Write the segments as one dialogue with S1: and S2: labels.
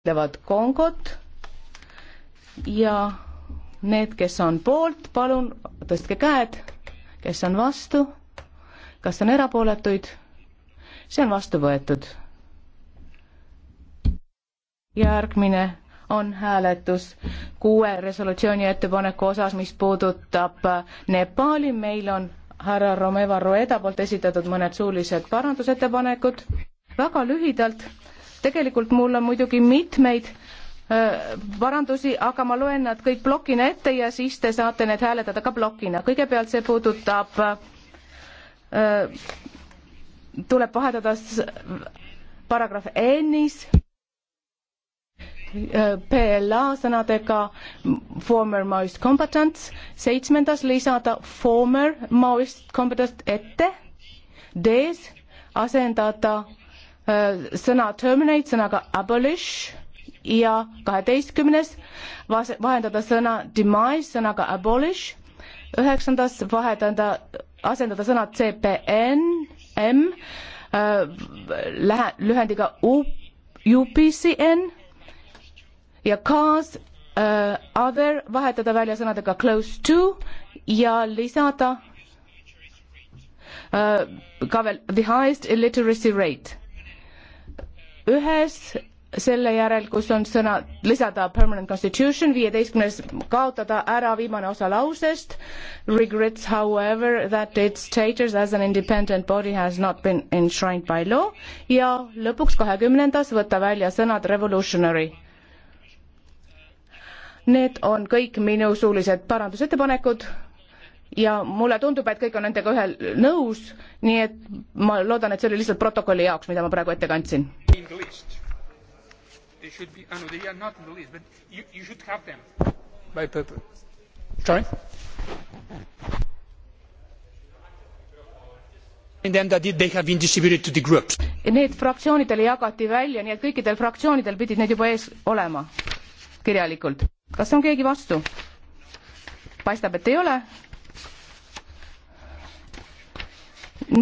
S1: ütlevad Kongot ja need, kes on poolt, palun tõstke käed, kes on vastu, kas on erapooletuid, see on vastu võetud. järgmine on hääletus kuue resolutsiooni ettepaneku osas, mis puudutab Nepaali, meil on härra Romeva Rueda poolt esitatud mõned suulised parandusettepanekud, väga lühidalt tegelikult mul on muidugi mitmeid äh, parandusi, aga ma loen nad kõik plokina ette ja siis te saate need hääletada ka plokina. kõigepealt see puudutab, äh, tuleb vahetada paragrahv N-is äh, PLA sõnadega former Maoist combatants, seitsmendas lisada former Maoist combatants ette, D-s asendada Äh, sõna terminate sõnaga abolish ja kaheteistkümnes vahendada sõna demise sõnaga abolish, üheksandas vahendada, asendada sõna CPN, M äh, lähe-, lühendiga U, UPCN ja cause uh, äh, other vahetada välja sõnadega close to ja lisada uh, ka veel the highest illiteracy rate ühes selle järel, kus on sõna lisada permanent constitution, viieteistkümnes kaotada ära viimane osa lausest, regrets however that its status as an independent body has not been enshrined by law ja lõpuks kahekümnendas võtta välja sõnad revolutionary. Need on kõik minu suulised parandusettepanekud ja mulle tundub, et kõik on nendega ühel nõus, nii et ma loodan, et see oli lihtsalt protokolli jaoks, mida ma praegu ette kandsin. Ah, need fraktsioonidele jagati välja, nii et kõikidel fraktsioonidel pidid need juba ees olema kirjalikult. kas on keegi vastu? paistab, et ei ole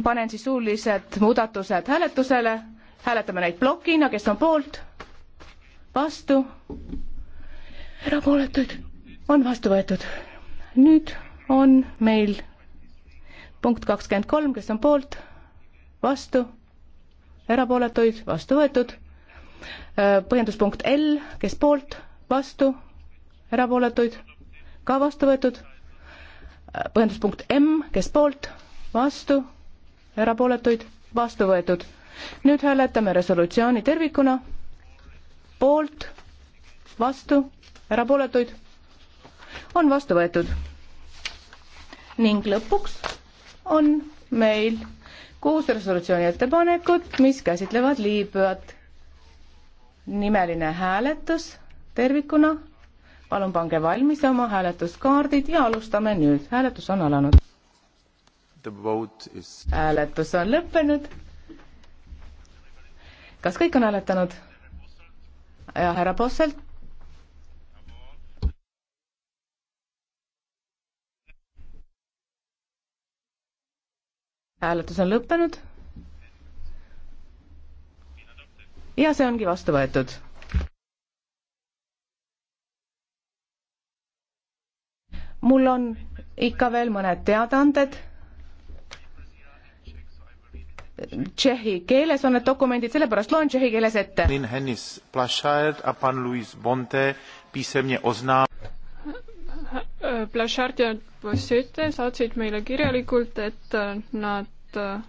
S1: panen siis suulised muudatused hääletusele, hääletame neid plokina, kes on poolt, vastu, erapooletuid on vastu võetud. nüüd on meil punkt kakskümmend kolm, kes on poolt, vastu, erapooletuid vastu võetud. põhjenduspunkt L, kes poolt, vastu, erapooletuid ka vastu võetud. põhjenduspunkt M, kes poolt, vastu erapooletuid, vastu võetud. nüüd hääletame resolutsiooni tervikuna. poolt, vastu, erapooletuid on vastu võetud. ning lõpuks on meil kuus resolutsiooni ettepanekut, mis käsitlevad Liibüat. nimeline hääletus tervikuna. palun pange valmis oma hääletuskaardid ja alustame nüüd. hääletus on alanud hääletus on lõppenud. kas kõik on hääletanud? ja härra Posselt? hääletus on lõppenud. ja see ongi vastu võetud. mul on ikka veel mõned teadaanded tšehhi keeles on need dokumendid, sellepärast loen tšehhi keeles ette. Hennis Plašard a pan Luis Bonte pisemne oznaam-. Plašard ja Bossete saatsid meile kirjalikult, et nad